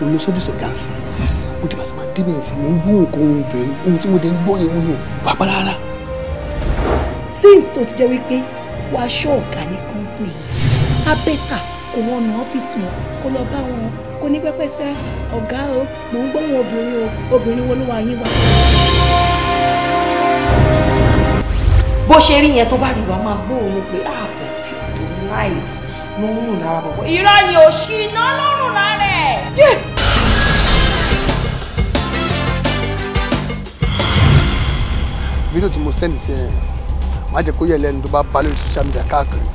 mo lọ sọ́fíìsì ọ̀gá sí mo ti bàtà máa débẹ̀ sí mo ń gbóhùn kó ohun bẹ̀rẹ̀ ohun tí mo dẹ̀ ń gbọ́ yẹn wọn ò pàpà rárá. since tó ti jẹ́ wípé wàá ṣọ́ ọ̀gá ní company abẹ́ta kò wọ́n na ọ́fíìsì wọn kó lọ bá wọn kó ní pẹ́pẹ́sẹ́ ọ̀gá o mò ń gbóhùn obìnrin o obìnrin wo ló wà yín wa. bó ṣe rí yẹn tó bá rí wa máa gbóhùn pé ààbò ah, fi tó láìsí ló ń rùn lára bọ̀bọ̀. ìrọ̀ ni ò ṣì iná lọ́rùn lára ẹ̀. fídíò tí mo sẹ́ndì sí yẹn má jẹ́ kó yẹ lẹ́nu tó bá bá lórí social media káàkiri.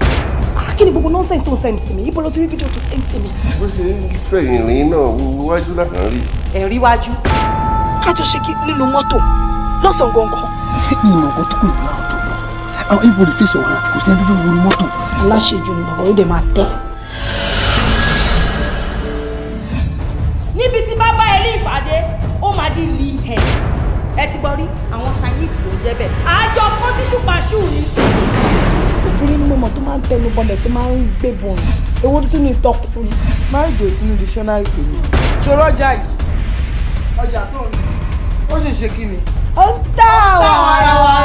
Ah, kí ni gbogbo nọ́ọ̀sẹ̀ tó ń sẹ́ndì sí mi ibo ló ti rí fídíò tó sẹ́ndì sí mi. bó ṣe ń fẹ́ ìrìn náà wájú lákàn rí. ẹ̀rí wájú. kájọ ṣe kí nínú mọ́tò lọ́sàn-án gangan. mi ò mọ̀ nǹkan tó kù ìgbà tó lọ àwọn ibo lè fèsì ọ̀hún àti kò sí ẹni tó fẹ́ wọnú níbi tí bá bá ẹ rí ìfàdé ó máa dín ní ẹ̀ ẹ ti gbọ́ rí àwọn chinese ló ń jẹ́ bẹ́ẹ̀ àjọ kó tí ṣùpàṣù ni. obìnrin ni mo mọ̀ tó máa ń tẹnu bọlẹ̀ tó máa ń gbébọn owó tó ní tọkùnrin marriage ò sí ní dictionary tèmi ṣòro ọjà yìí ọjà tó ń ó ṣèṣe kí ni. ó ń tà wàràwàrà.